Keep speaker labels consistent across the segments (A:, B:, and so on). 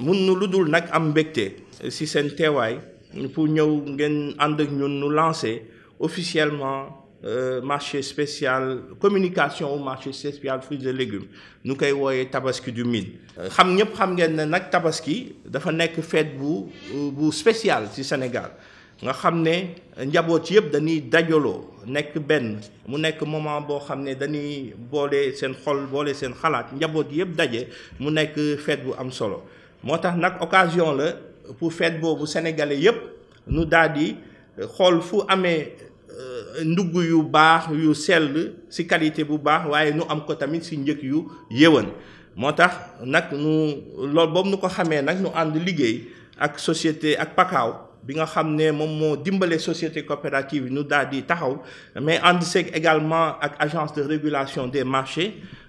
A: mun nu nak am mbégte si sen téway pour ñew ngeen and ak ñun nu lancer officiellement euh, marché spécial communication au marché spécial fruits et légumes nous koy woyé tabaski du mine xam ñep xam ngeen nak tabaski dafa nek fête bu euh, bu spécial ci Sénégal nga xamné ne njaboot yëpp dañuy dajolo nek ben mu nek moment bo xamné dañuy bolé sen xol boole seen xalaat njaboot yépp dajé mu nek fête bu am solo moi, tax nag occasion la pour fête boobu sénégalais yépp nu daal di xool fu amee euh, ndugg yu baax yu sell ci qualité bu baax waaye nu am ko tamit ci njëg yu yéwén moo tax nag nu loolu boobu nu ko xamee nag nu ànd liggéey ak société ak pakaaw bi nga xam mom mo dimbalé dimbale société coopérative nous nu daal di taxaw mais and seeg également ak agence de régulation des marchés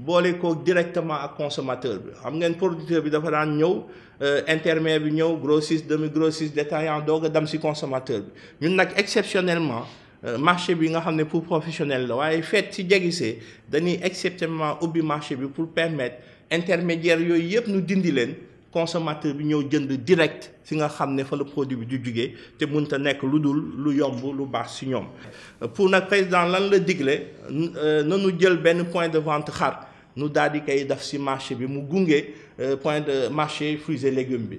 A: boole ko directement à consommateur bi xam ngeen producteur bi dafa daan ñëw euh, intermédiaire bi demi grossistes détaillant doog a dem si consommateur bi ñun nag exceptionnellement euh, marché bi nga xam ne pour professionnel la waaye feet si dañuy exceptionnellement ubbi marché bi pour permettre intermédiaire yooyu yëpp nous dindi leen consommateur bi ñëw jënd direct si nga xam ne fa le produit bi du jugee te mënta nekk lu dul lu yomb lu baax si ñoom euh, pour nag président lan la digle nanu jël point de vente xar nu daal di koy def ci marché bi mu gunge euh, point de marché fruits et légumes bi